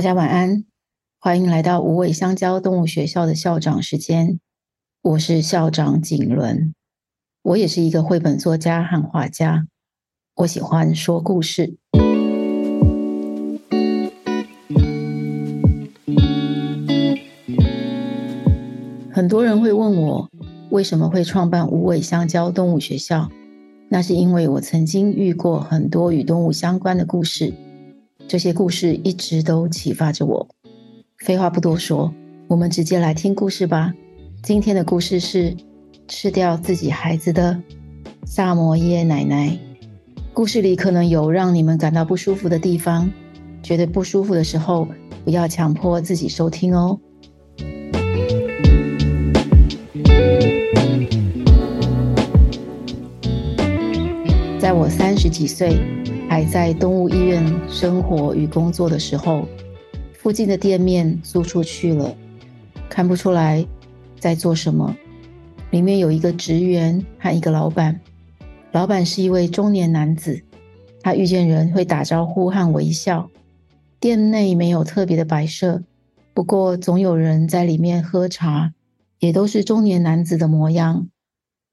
大家晚安，歡迎來到無尾香蕉動物學校的校長時間。我是校長景倫，我也是一個繪本作家和畫家。我喜歡說故事。很多人會問我為什麼會創辦無尾香蕉動物學校？那是因為我曾經遇過很多與動物相關的故事。這些故事一直都啟發着我。廢話不多說，我們直接來聽故事吧。今天的故事是吃掉自己孩子的薩摩耶奶奶。故事裡可能有讓你們感到不舒服的地方，覺得不舒服的時候，不要強迫自己收聽哦。在我三十幾歲，還在動物醫院生活與工作的時候，附近的店面租出去了，看不出來在做什麼。裡面有一個職員和一個老闆，老闆是一位中年男子，他遇見人會打招呼和微笑。店內沒有特別的擺設，不過總有人在裡面喝茶，也都是中年男子的模樣。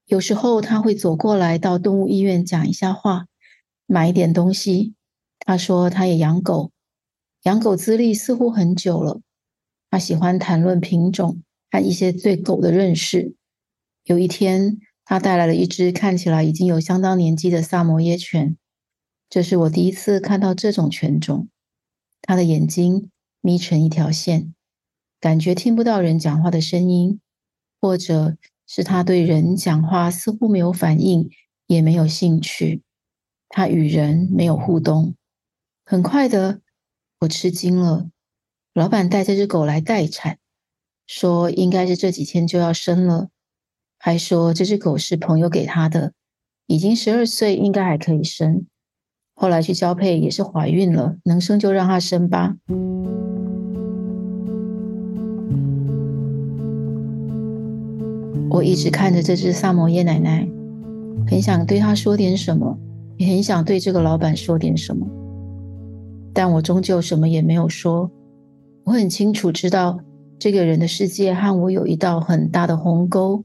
有時候他會走過來到動物醫院講一下話。買一點東西。他說他也養狗，養狗資歷似乎很久了。他喜歡談論品種和一些對狗的認識。有一天，他帶來了一隻看起來已經有相當年紀的薩摩耶犬，這是我第一次看到這種犬種。牠的眼睛眯成一條線，感覺聽不到人講話的聲音，或者是牠對人講話似乎沒有反應，也沒有興趣。它與人沒有互動，很快的，我吃驚了。老闆帶這隻狗來待產，說應該是這幾天就要生了，還說這隻狗是朋友給他的，已經十二歲，應該還可以生。後來去交配也是懷孕了，能生就讓它生吧。我一直看着這隻薩摩耶奶奶，很想對它說點什麼。也很想對這個老板說點什麼，但我終究什麼也沒有說。我很清楚知道這個人的世界和我有一道很大的鴻溝。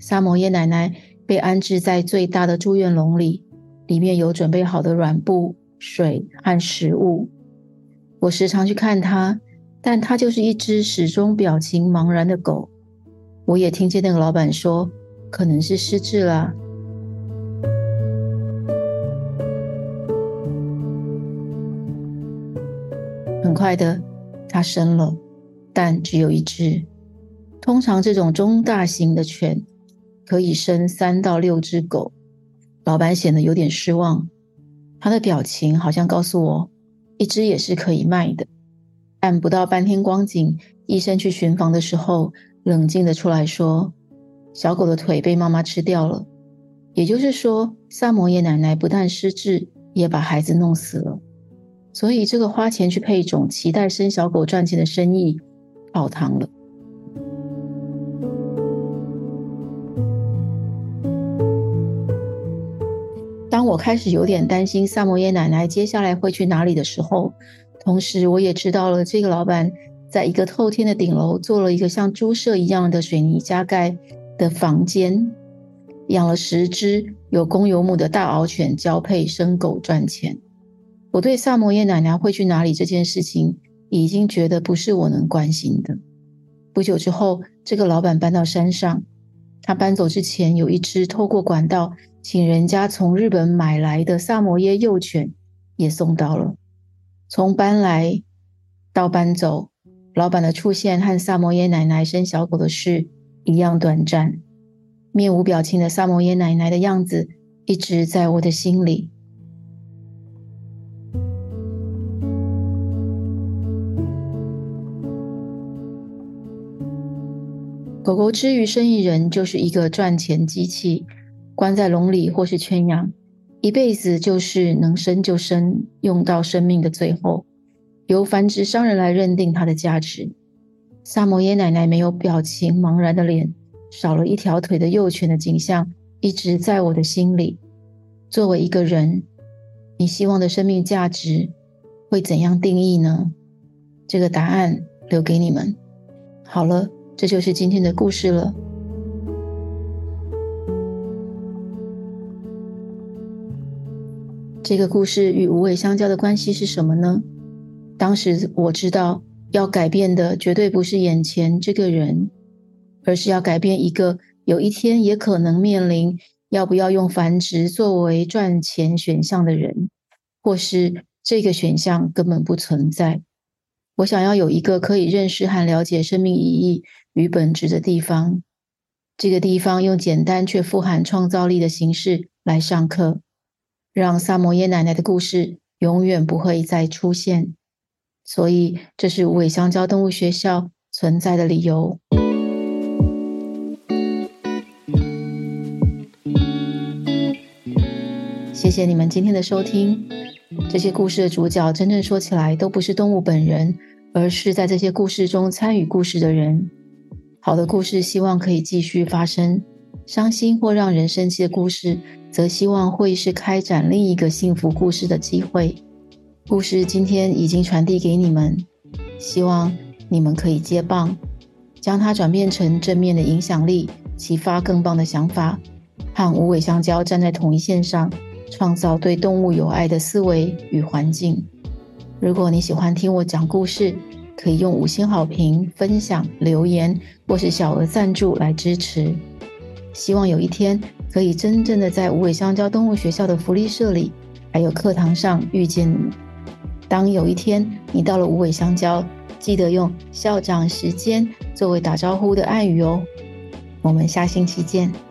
薩摩耶奶奶被安置在最大的住院籠裡，裡面有準備好的軟布、水和食物。我時常去看他，但他就是一只始終表情茫然的狗。我也聽見那個老板說，可能是失智了啊。很快的，它生了，但只有一隻。通常這種中大型的犬可以生三到六隻狗。老闆顯得有點失望，他的表情好像告訴我，一隻也是可以賣的。但不到半天光景，醫生去巡房的時候，冷靜的出來說：“小狗的腿被媽媽吃掉了。”也就是說，薩摩耶奶奶不但失智，也把孩子弄死了。所以，這個花錢去配種、期待生小狗賺錢的生意，泡湯了。當我開始有點擔心薩摩耶奶奶接下來會去哪裡的時候，同時我也知道了這個老闆在一個透天的頂樓做了一個像豬舍一樣的水泥加蓋的房間，養了十只有公有母的大獒犬，交配生狗賺錢。我對薩摩耶奶奶會去哪裡這件事情，已經覺得不是我能關心的。不久之後，這個老闆搬到山上，他搬走之前有一隻透過管道請人家從日本買來的薩摩耶幼犬也送到了。從搬來到搬走，老闆的出現和薩摩耶奶奶生小狗的事一樣短暫。面無表情的薩摩耶奶奶的樣子，一直在我的心裡。狗狗之於生意人就是一個賺錢機器，關在籠裡或是圈養，一輩子就是能生就生，用到生命的最後，由繁殖商人來認定它的價值。薩摩耶奶奶沒有表情、茫然的臉，少了一條腿的幼犬的景象，一直在我的心裡。作為一個人，你希望的生命價值會怎樣定義呢？這個答案留給你們。好了。這就是今天的故事了。這個故事與無尾香蕉的關係是什麼呢？當時我知道要改變的絕對不是眼前這個人，而是要改變一個有一天也可能面臨要不要用繁殖作為賺錢選項的人，或是這個選項根本不存在。我想要有一個可以認識和了解生命意義與本質的地方。這個地方用簡單卻富含創造力的形式來上課，讓薩摩耶奶奶的故事永遠不會再出現。所以，這是無尾香蕉動物學校存在的理由。謝謝你們今天的收聽。這些故事的主角，真正說起來都不是動物本人，而是在這些故事中參與故事的人。好的故事希望可以繼續發生，傷心或讓人生氣的故事，則希望會是開展另一個幸福故事的機會。故事今天已經傳遞給你們，希望你們可以接棒，將它轉變成正面的影響力，啟發更棒的想法，和無尾香蕉站在同一線上，創造對動物友愛的思維與環境。如果你喜歡聽我講故事，可以用五星好評、分享、留言或是小額贊助來支持。希望有一天可以真正的在無尾香蕉動物學校的福利社裡，還有課堂上遇見你。當有一天你到了無尾香蕉，記得用校長時間作為打招呼的暗語哦。我們下星期見。